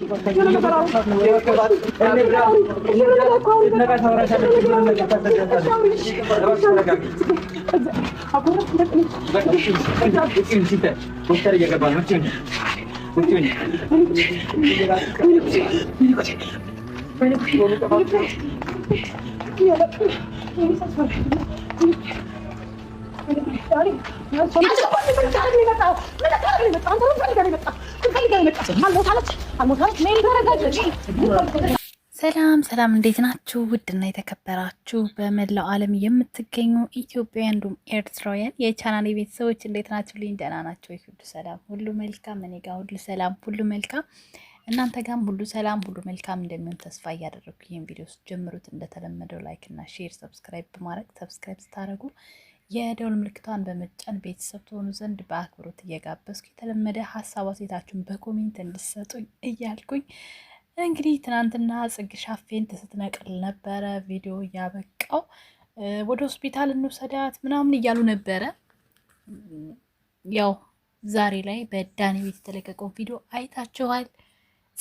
ምን ታደርግ ነው የመጣው? ምን ሰላም ሰላም፣ እንዴት ናችሁ? ውድና የተከበራችሁ በመላው ዓለም የምትገኙ ኢትዮጵያውያን እንዲሁም ኤርትራውያን የቻናሌ ቤተሰቦች እንዴት ናችሁ? ልኝ ደህና ናቸው። ሁሉ ሰላም፣ ሁሉ መልካም፣ እኔ ጋር ሁሉ ሰላም፣ ሁሉ መልካም፣ እናንተ ጋርም ሁሉ ሰላም፣ ሁሉ መልካም እንደሚሆን ተስፋ እያደረግኩ ይህን ቪዲዮ ጀምሩት። እንደተለመደው ላይክ እና ሼር፣ ሰብስክራይብ በማድረግ ሰብስክራይብ ስታደረጉ የደውል ምልክቷን በመጫን ቤተሰብ ትሆኑ ዘንድ በአክብሮት እየጋበዝኩ የተለመደ ሀሳብ አስተያየታችሁን በኮሜንት እንድሰጡኝ እያልኩኝ እንግዲህ ትናንትና ጽግሻ ፌንት ስትነቅል ነበረ። ቪዲዮ እያበቃው ወደ ሆስፒታል እንውሰዳት ምናምን እያሉ ነበረ። ያው ዛሬ ላይ በዳኒ ቤት የተለቀቀው ቪዲዮ አይታችኋል።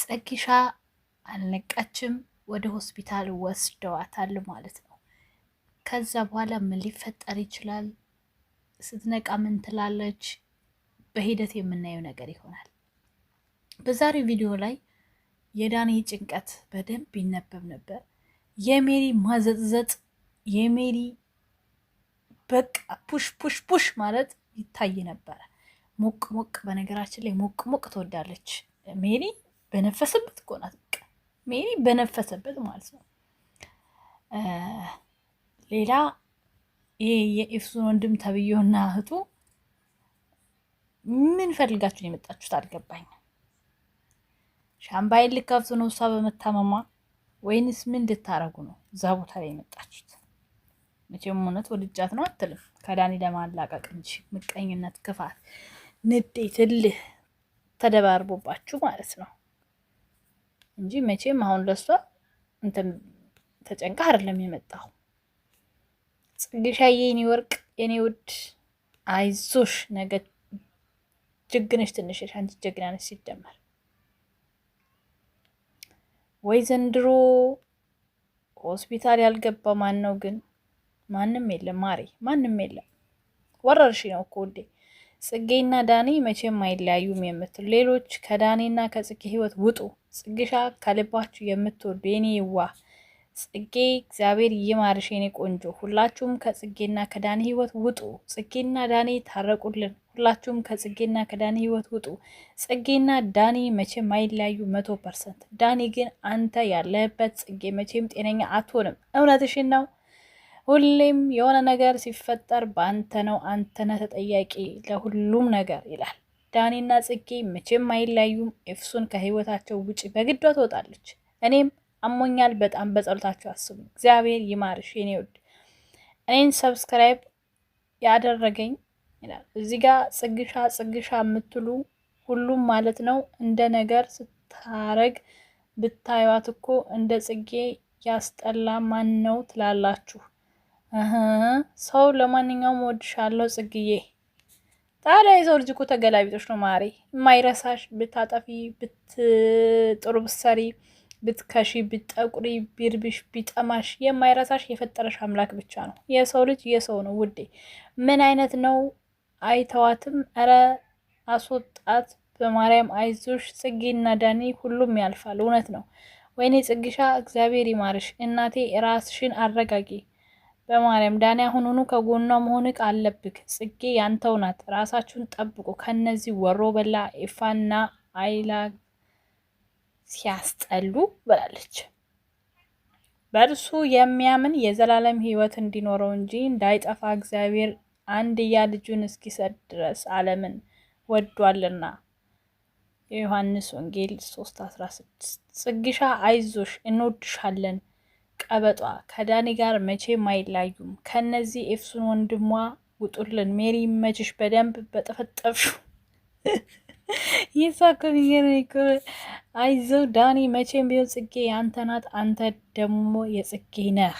ጽግሻ አልነቃችም፣ ወደ ሆስፒታል ወስደዋታል ማለት ነው። ከዛ በኋላ ምን ሊፈጠር ይችላል? ስትነቃ ምን ትላለች? በሂደት የምናየው ነገር ይሆናል። በዛሬው ቪዲዮ ላይ የዳኒ ጭንቀት በደንብ ይነበብ ነበር። የሜሪ ማዘጥዘጥ፣ የሜሪ በቃ ፑሽ ፑሽ ፑሽ ማለት ይታይ ነበረ። ሞቅ ሞቅ፣ በነገራችን ላይ ሞቅ ሞቅ ትወዳለች ሜሪ። በነፈሰበት እኮ ናት። ሜሪ በነፈሰበት ማለት ነው። ሌላ ይሄ የኤፍሱን ወንድም ተብዬውና እህቱ ምን ፈልጋችሁ ነው የመጣችሁት? አልገባኝም። ሻምባይን ልካፍቱ ነው እሷ በመታመሟ ወይንስ ምን እንድታረጉ ነው እዛ ቦታ ላይ የመጣችሁት? መቼም እውነት ወድጃት ነው አትልም። ከዳኒ ለማላቀቅ እንጂ ምቀኝነት፣ ክፋት፣ ንዴት፣ እልህ ተደባርቦባችሁ ማለት ነው እንጂ መቼም አሁን ለሷ እንትን ተጨንቃ አይደለም የመጣው ጽግሻዬ፣ የኔ ወርቅ፣ የኔ ውድ አይዞሽ፣ ነገ ጀግነሽ ትንሽ አንቺ ጀግና ነሽ። ሲጀመር ወይ ዘንድሮ ሆስፒታል ያልገባ ማን ነው ግን? ማንም የለም ማሬ፣ ማንም የለም። ወረርሽ ነው እኮ ውዴ። ጽጌና ዳኒ መቼም አይለያዩም የምትሉ ሌሎች ከዳኒና ከጽጌ ህይወት ውጡ። ጽግሻ ከልባችሁ የምትወዱ የኔ ይዋ ጽጌ እግዚአብሔር ይማርሽ የኔ ቆንጆ። ሁላችሁም ከጽጌና ከዳኒ ህይወት ውጡ። ጽጌና ዳኒ ታረቁልን። ሁላችሁም ከጽጌና ከዳኒ ህይወት ውጡ። ጽጌና ዳኒ መቼም አይለያዩ መቶ ፐርሰንት። ዳኒ ግን አንተ ያለህበት ጽጌ መቼም ጤነኛ አትሆንም። እውነትሽን ነው። ሁሌም የሆነ ነገር ሲፈጠር በአንተ ነው፣ አንተነ ተጠያቂ ለሁሉም ነገር ይላል። ዳኒና ጽጌ መቼም አይለያዩም። ኤፍሱን ከህይወታቸው ውጪ በግዷ ትወጣለች። እኔም አሞኛል በጣም በጸሎታችሁ አስቡ። እግዚአብሔር ይማርሽ የኔ ውድ። እኔን ሰብስክራይብ ያደረገኝ ይላል እዚህ ጋር ጽግሻ ጽግሻ የምትሉ ሁሉም ማለት ነው። እንደ ነገር ስታረግ ብታዩት እኮ እንደ ጽጌ ያስጠላ ማን ነው ትላላችሁ። ሰው ለማንኛውም ወድሻለሁ ጽግዬ። ታዲያ የሰው ልጅ እኮ ተገላቢጦች ነው ማሬ። የማይረሳሽ ብታጠፊ ብትጥሩ ብትሰሪ ብትከሺ፣ ብትጠቁሪ፣ ቢርብሽ፣ ቢጠማሽ የማይረሳሽ የፈጠረሽ አምላክ ብቻ ነው። የሰው ልጅ የሰው ነው ውዴ። ምን አይነት ነው? አይተዋትም። እረ አስወጣት በማርያም አይዞሽ። ጽጌና ዳኒ ሁሉም ያልፋል። እውነት ነው። ወይኔ ጽግሻ፣ እግዚአብሔር ይማርሽ እናቴ። ራስሽን አረጋጊ በማርያም ዳኒ፣ አሁኑኑ ከጎኗ መሆንቅ አለብክ። ጽጌ ያንተው ናት። ራሳችሁን ጠብቁ ከነዚህ ወሮ በላ ኢፋና አይላ ሲያስጠሉ ብላለች። በእርሱ የሚያምን የዘላለም ሕይወት እንዲኖረው እንጂ እንዳይጠፋ እግዚአብሔር አንድያ ልጁን እስኪሰጥ ድረስ ዓለምን ወዷልና። የዮሐንስ ወንጌል 3:16 ጽግሻ አይዞሽ እንወድሻለን። ቀበጧ ከዳኒ ጋር መቼም አይላዩም። ከነዚህ ኤፍሱን ወንድሟ ውጡልን። ሜሪ መችሽ በደንብ በጠፈጠፍሹ ይሷ እኮ የሚገርመኝ እኮ አይዞህ ዳኒ፣ መቼም ቢሆን ጽጌ አንተ ናት፣ አንተ ደግሞ የጽጌ ነህ።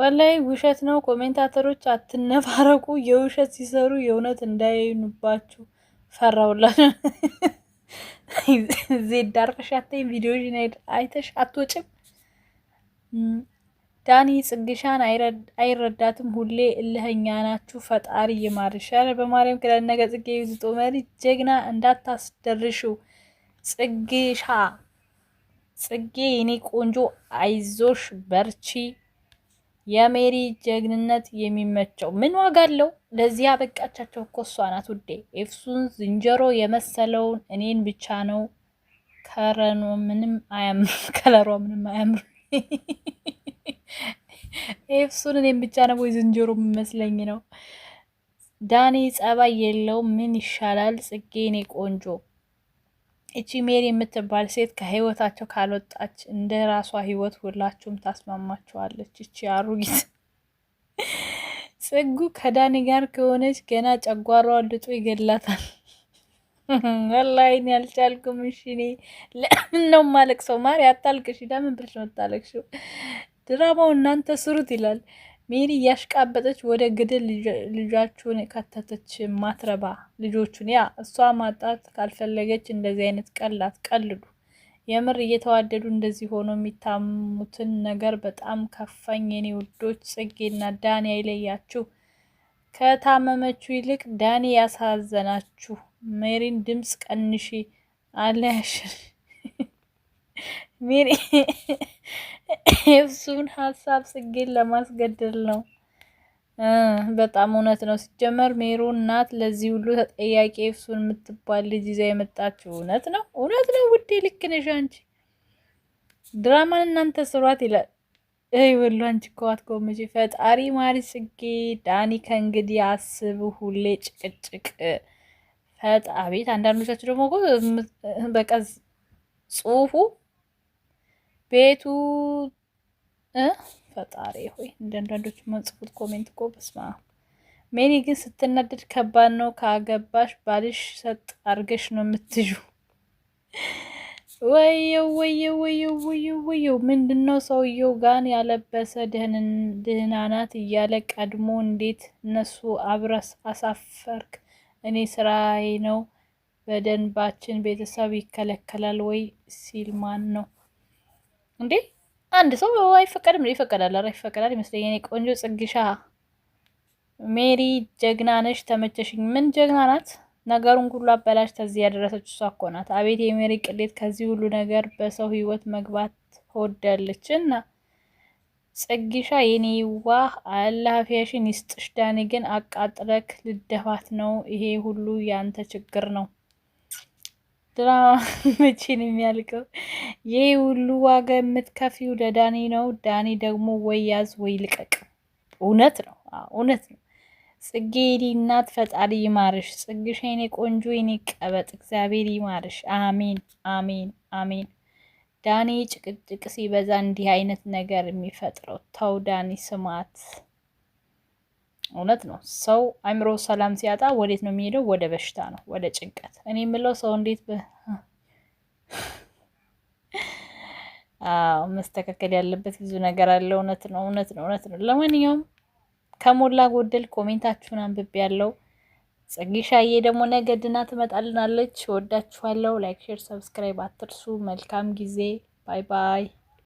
ወላይ ውሸት ነው። ኮሜንታተሮች አትነፋረቁ፣ የውሸት ሲሰሩ የእውነት እንዳይኑባችሁ ፈራውላል። ዜድ አርቀሽ አታይም? ቪዲዮሽን አይተሽ አትወጭም? ዳኒ ጽግሻን አይረዳትም። ሁሌ እልህኛ ናችሁ። ፈጣሪ ይማርሻል። በማርያም ክዳን ነገ ጽጌ ይዝጦ መሪ ጀግና እንዳታስደርሽው ጽግሻ። ጽጌ የኔ ቆንጆ አይዞሽ፣ በርቺ። የሜሪ ጀግንነት የሚመቸው ምን ዋጋ አለው? ለዚያ በቃቻቸው እኮ እሷ ናት ውዴ። ኤፍሱን ዝንጀሮ የመሰለውን እኔን ብቻ ነው። ከረኖ ምንም አያምር፣ ከለሯ ምንም አያምር ኤፍሱን እኔም ብቻ ነው ወይ ዝንጀሮ የሚመስለኝ ነው። ዳኔ ጸባይ የለውም። ምን ይሻላል? ጽጌ እኔ ቆንጆ እቺ ሜሪ የምትባል ሴት ከህይወታቸው ካልወጣች እንደ ራሷ ህይወት ሁላችሁም ታስማማችኋለች። እቺ አሩጊት ጽጉ ከዳኒ ጋር ከሆነች ገና ጨጓሯ ልጡ ይገላታል። ወላይን ያልቻልኩም። እሺ እኔ ለምን ነው ማለቅ ሰው ማሪ አታልቅሽ። ለምን ብለሽ ነው የምታለቅሽው? ድራማው እናንተ ስሩት ይላል። ሜሪ እያሽቃበጠች ወደ ግድል ልጃችሁን የከተተች ማትረባ ልጆቹን። ያ እሷ ማጣት ካልፈለገች እንደዚህ አይነት ቀል አትቀልዱ። የምር እየተዋደዱ እንደዚህ ሆኖ የሚታሙትን ነገር በጣም ከፋኝ። የኔ ውዶች ጽጌና ዳኒ አይለያችሁ። ከታመመችው ይልቅ ዳኒ ያሳዘናችሁ። ሜሪን ድምፅ ቀንሺ አለያሽ ሜሪ የእሱን ሀሳብ ጽጌን ለማስገደል ነው። በጣም እውነት ነው። ሲጀመር ሜሮ እናት ለዚህ ሁሉ ተጠያቂ ኤፍሱን የምትባል ልጅ ይዛ የመጣችው እውነት ነው፣ እውነት ነው ውዴ፣ ልክ ነሽ አንቺ። ድራማን እናንተ ስሯት ይላል። ይህ ወሎ አንቺ እኮ አትጎምጂ። ፈጣሪ ማሪ ጽጌ ዳኒ፣ ከእንግዲህ አስብ፣ ሁሌ ጭቅጭቅ ፈጣ ቤት። አንዳንዶቻችሁ ደግሞ በቃ ጽሁፉ ቤቱ ፈጣሪ ሆይ እንደንዳንዶች መጽፉት ኮሜንት እኮ በስማ ሜኒ ግን ስትነድድ ከባድ ነው። ካገባሽ ባልሽ ሰጥ አርገሽ ነው የምትዩ። ወየው ወየው ወየው ወየው ወየው ምንድን ነው ሰውየው ጋን ያለበሰ ድህናናት እያለ ቀድሞ እንዴት እነሱ አብረስ አሳፈርክ። እኔ ስራዬ ነው። በደንባችን ቤተሰብ ይከለከላል ወይ ሲል ማን ነው እንዴ አንድ ሰው አይፈቀድም? ይፈቀዳል። ኧረ ይፈቀዳል ይመስለኝ። የኔ ቆንጆ ጽግሻ ሜሪ ጀግና ነሽ፣ ተመቸሽኝ። ምን ጀግና ናት? ነገሩን ሁሉ አበላሽ ተዚህ ያደረሰች እሷ እኮ ናት። አቤት የሜሪ ቅሌት! ከዚህ ሁሉ ነገር በሰው ህይወት መግባት ትወዳለች እና ጽግሻ የኔ ዋህ አላፊያሽን ይስጥሽ። ዳኒ ግን አቃጥረክ ልደፋት ነው። ይሄ ሁሉ ያንተ ችግር ነው። ድራማ መቼ ነው የሚያልቀው? ይህ ሁሉ ዋጋ የምትከፊው ለዳኒ ነው። ዳኒ ደግሞ ወይ ያዝ ወይ ልቀቅ። እውነት ነው፣ እውነት ነው። ጽጌ የኔ እናት ፈጣሪ ይማርሽ። ጽግሽ የኔ ቆንጆ የኔ ቀበጥ እግዚአብሔር ይማርሽ። አሜን፣ አሜን፣ አሜን። ዳኒ ጭቅጭቅ ሲበዛ እንዲህ አይነት ነገር የሚፈጥረው ተው ዳኒ ስማት። እውነት ነው። ሰው አይምሮ ሰላም ሲያጣ ወዴት ነው የሚሄደው? ወደ በሽታ ነው፣ ወደ ጭንቀት። እኔ የምለው ሰው እንዴት መስተካከል ያለበት ብዙ ነገር አለ። እውነት ነው፣ እውነት ነው፣ እውነት ነው። ለማንኛውም ከሞላ ጎደል ኮሜንታችሁን አንብቤ ያለው ጸጊሻዬ ደግሞ ነገ ድና ትመጣልናለች። ወዳችኋለሁ። ላይክ፣ ሼር፣ ሰብስክራይብ አትርሱ። መልካም ጊዜ። ባይ ባይ።